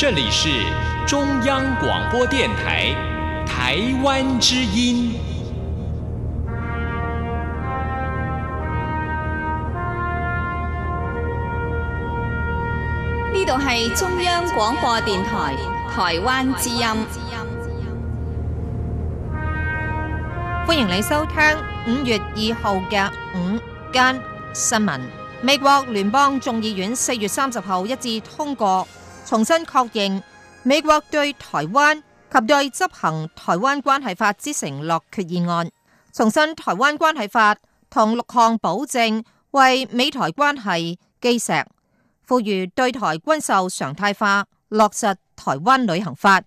這裡是中央廣播電台台灣之音。呢度係中央廣播電台台灣之音。歡迎你收聽五月二號嘅午間新聞。美國聯邦眾議院四月三十號一致通過，重新確認美國對台灣及對執行《台灣關係法》之承諾決議案，重申《台灣關係法》同六項保證為美台關係基石，賦予對台軍售常態化，落實台灣旅行法。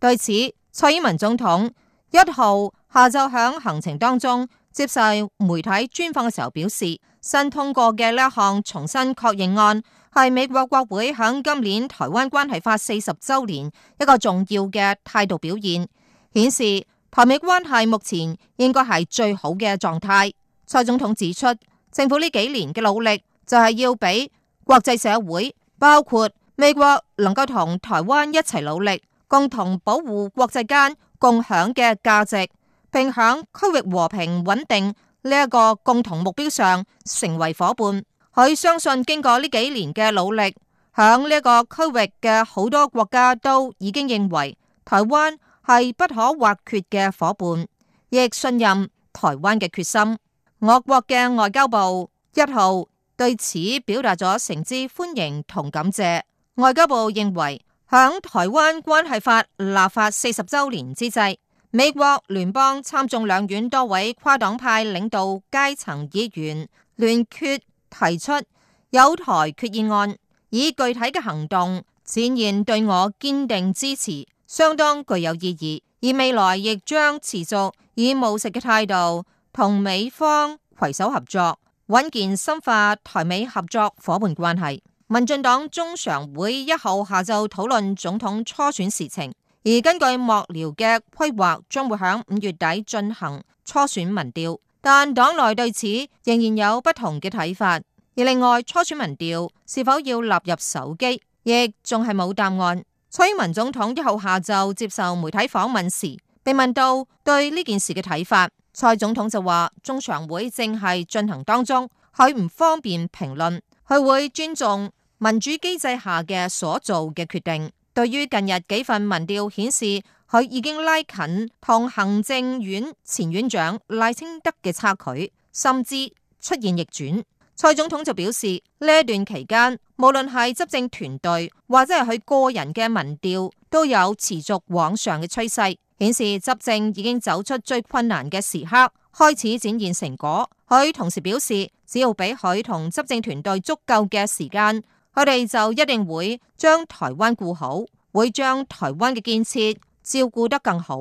對此，蔡英文總統一號下晝響行程當中接受媒體專訪嘅時候表示，新通過嘅呢一項重新確認案。係美國國會喺今年台灣關係法四十周年一個重要嘅態度表現，顯示台美關係目前應該係最好嘅狀態。蔡總統指出，政府呢幾年嘅努力就係要俾國際社會，包括美國，能夠同台灣一齊努力，共同保護國際間共享嘅價值，並響區域和平穩定呢一個共同目標上成為伙伴。佢相信經過呢幾年嘅努力，響呢個區域嘅好多國家都已經認為台灣係不可或缺嘅伙伴，亦信任台灣嘅決心。我國嘅外交部一號對此表達咗誠摯歡迎同感謝。外交部認為，響台灣關係法立法四十周年之際，美國聯邦參眾兩院多位跨黨派領導階層議員，議員聯決。提出友台決議案，以具體嘅行動展現對我堅定支持，相當具有意義。而未來亦將持續以務實嘅態度同美方攜手合作，穩健深化台美合作夥伴關係。民進黨中常會一號下晝討論總統初選事情，而根據幕僚嘅規劃，將會喺五月底進行初選民調。但黨內對此仍然有不同嘅睇法，而另外初選民調是否要納入手機，亦仲係冇答案。蔡英文總統一號下晝接受媒體訪問時，被問到對呢件事嘅睇法，蔡總統就話：中常會正係進行當中，佢唔方便評論，佢會尊重民主機制下嘅所做嘅決定。對於近日幾份民調顯示，佢已經拉近同行政院前院長賴清德嘅差距，甚至出現逆轉。蔡總統就表示，呢一段期間，無論係執政團隊或者係佢個人嘅民調，都有持續往上嘅趨勢，顯示執政已經走出最困難嘅時刻，開始展現成果。佢同時表示，只要俾佢同執政團隊足夠嘅時間，佢哋就一定會將台灣顧好，會將台灣嘅建設，照顧得更好。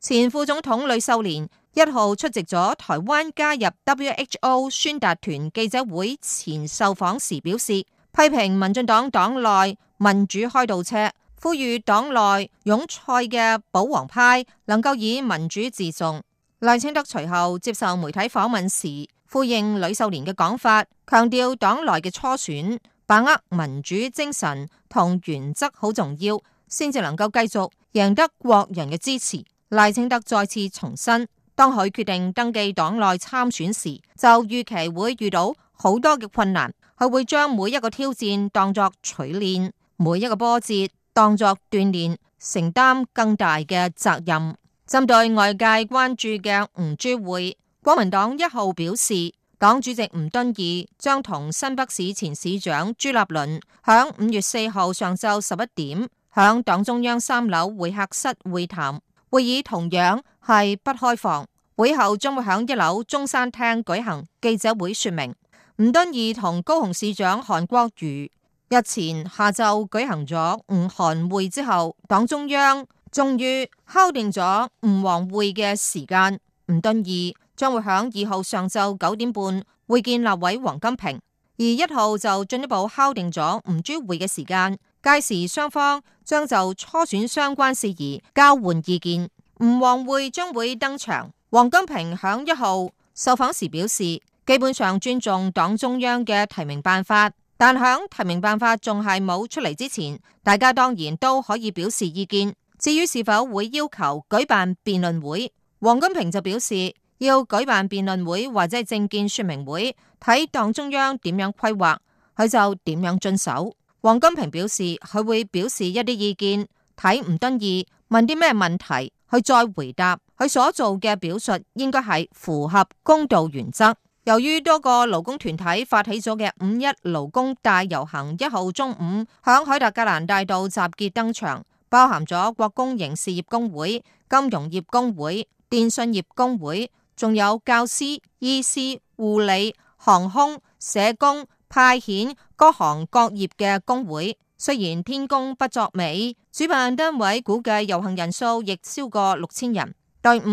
前副總統呂秀蓮一號出席咗台灣加入 WHO 宣達團記者會前受訪時表示，批評民進黨黨內民主開倒車，呼籲黨內擁蔡嘅保皇派能夠以民主自重。賴清德隨後接受媒體訪問時呼應呂秀蓮嘅講法，強調黨內嘅初選把握民主精神同原則好重要，先至能夠繼續。贏得國人嘅支持，賴清德再次重申，當佢決定登記黨內參選時，就預期會遇到好多嘅困難，佢會將每一個挑戰當作錘煉，每一個波折當作鍛煉，承擔更大嘅責任。針對外界關注嘅吳朱會，國民黨一號表示，黨主席吳敦義將同新北市前市長朱立倫響五月四號上晝十一點。喺黨中央三樓會客室會談，會議同樣係不開放。會後將會喺一樓中山廳舉行記者會說明。吳敦義同高雄市長韓國瑜日前下晝舉行咗吳韓會之後，黨中央終於敲定咗吳王會嘅時間。吳敦義將會喺二號上晝九點半會見立委王金平，而一號就進一步敲定咗吳朱會嘅時間。屆時雙方將就初選相關事宜交換意見，吳王會將會登場。王金平響一號受訪時表示，基本上尊重黨中央嘅提名辦法，但響提名辦法仲係冇出嚟之前，大家當然都可以表示意見。至於是否會要求舉辦辯論會，王金平就表示要舉辦辯論會或者係政見說明會，睇黨中央點樣規劃，佢就點樣遵守。王金平表示，佢會表示一啲意見，睇唔得意，問啲咩問題，佢再回答。佢所做嘅表述應該係符合公道原則。由於多個勞工團體發起咗嘅五一勞工大遊行，一號中午響凱達格蘭大道集結登場，包含咗國公營事業工會、金融業工會、電信業工會，仲有教師、醫師、護理、航空、社工。派遣各行各業嘅工會，雖然天公不作美，主辦單位估計遊行人數亦超過六千人，隊伍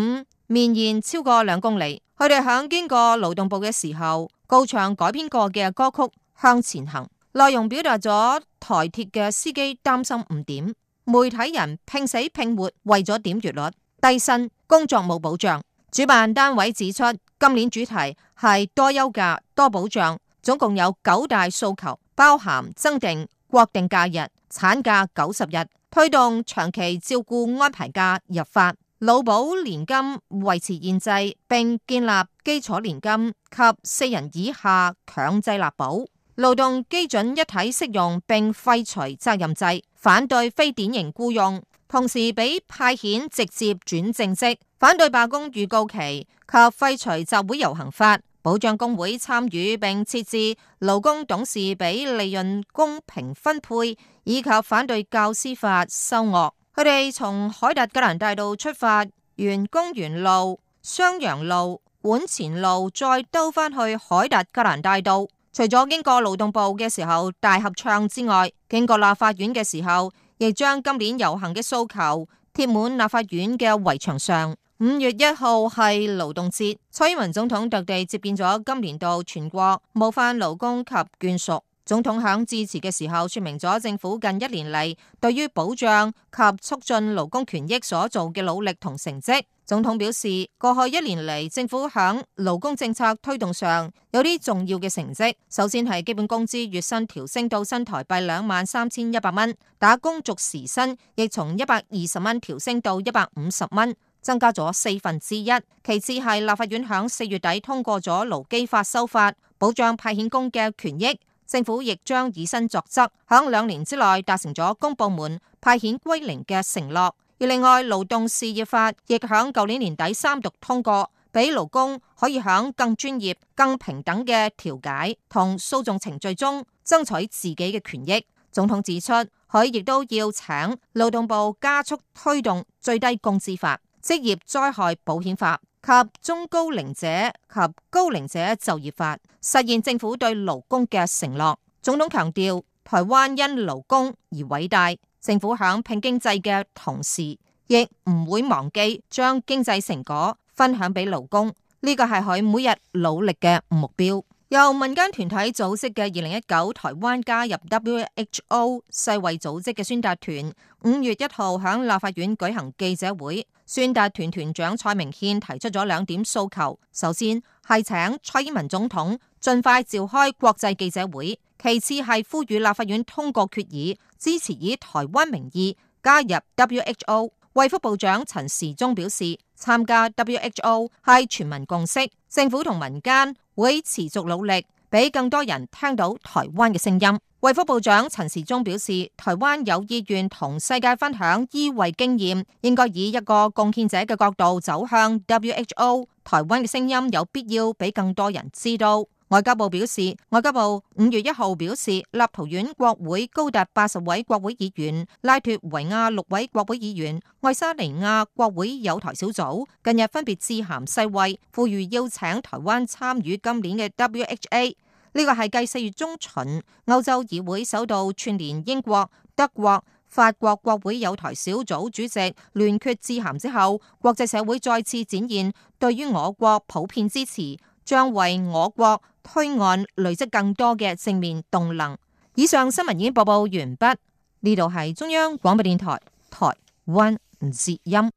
綿延超過兩公里。佢哋響經過勞動部嘅時候，高唱改編過嘅歌曲《向前行》，內容表達咗台鐵嘅司機擔心誤點，媒體人拼死拼活為咗點閱率低薪工作冇保障。主辦單位指出，今年主題係多休假多保障。總共有九大訴求，包含增訂國定假日、產假九十日、推動長期照顧安排假入法、勞保年金維持現制，並建立基礎年金及四人以下強制納保、勞動基準一體適用，並廢除責任制，反對非典型僱用，同時俾派遣直接轉正職，反對罷工預告期及廢除集會遊行法。保障工會參與並設置勞工董事，俾利潤公平分配，以及反對教師法收惡。佢哋從凱達格蘭大道出發，沿公園路、襄陽路、館前路，再兜返去凱達格蘭大道。除咗經過勞動部嘅時候大合唱之外，經過立法院嘅時候，亦將今年遊行嘅訴求貼滿立法院嘅圍牆上。五月一號係勞動節，蔡英文總統特地接見咗今年度全國模範勞工及眷屬。總統響致辭嘅時候，說明咗政府近一年嚟對於保障及促進勞工權益所做嘅努力同成績。總統表示，過去一年嚟，政府響勞工政策推動上有啲重要嘅成績。首先係基本工資月薪調升到新台幣兩萬三千一百蚊，打工族時薪亦從一百二十蚊調升到一百五十蚊。增加咗四分之一。其次係立法院響四月底通過咗勞基法修法，保障派遣工嘅權益。政府亦將以身作則，響兩年之內達成咗公部門派遣歸零嘅承諾。而另外，勞動事業法亦響舊年年底三讀通過，俾勞工可以響更專業、更平等嘅調解同訴訟程序中爭取自己嘅權益。總統指出，佢亦都要請勞動部加速推動最低工資法。職業災害保險法及中高齡者及高齡者就業法，實現政府對勞工嘅承諾。總統強調，台灣因勞工而偉大。政府響拼經濟嘅同時，亦唔會忘記將經濟成果分享俾勞工。呢個係佢每日努力嘅目標。由民間團體組織嘅二零一九台灣加入 WHO 世衛組織嘅宣達團，五月一號響立法院舉行記者會。宣達團團長蔡明憲提出咗兩點訴求，首先係請蔡英文總統盡快召開國際記者會，其次係呼籲立法院通過決議，支持以台灣名義加入 WHO。衛福部長陳時中表示，參加 WHO 係全民共識，政府同民間會持續努力，俾更多人聽到台灣嘅聲音。衛福部長陳時中表示，台灣有意願同世界分享醫衛經驗，應該以一個貢獻者嘅角度走向 WHO。台灣嘅聲音有必要俾更多人知道。外交部表示，外交部五月一號表示，立陶宛國會高達八十位國會議員，拉脱維亞六位國會議員，愛沙尼亞國會友台小組近日分別致函世衛，呼籲邀請台灣參與今年嘅 WHA。呢個係繼四月中旬歐洲議會首度串連英國、德國、法國國會有台小組主席聯決致函之後，國際社會再次展現對於我國普遍支持，將為我國推案累積更多嘅正面動能。以上新聞已經播報完畢，呢度係中央廣播電台台灣之音。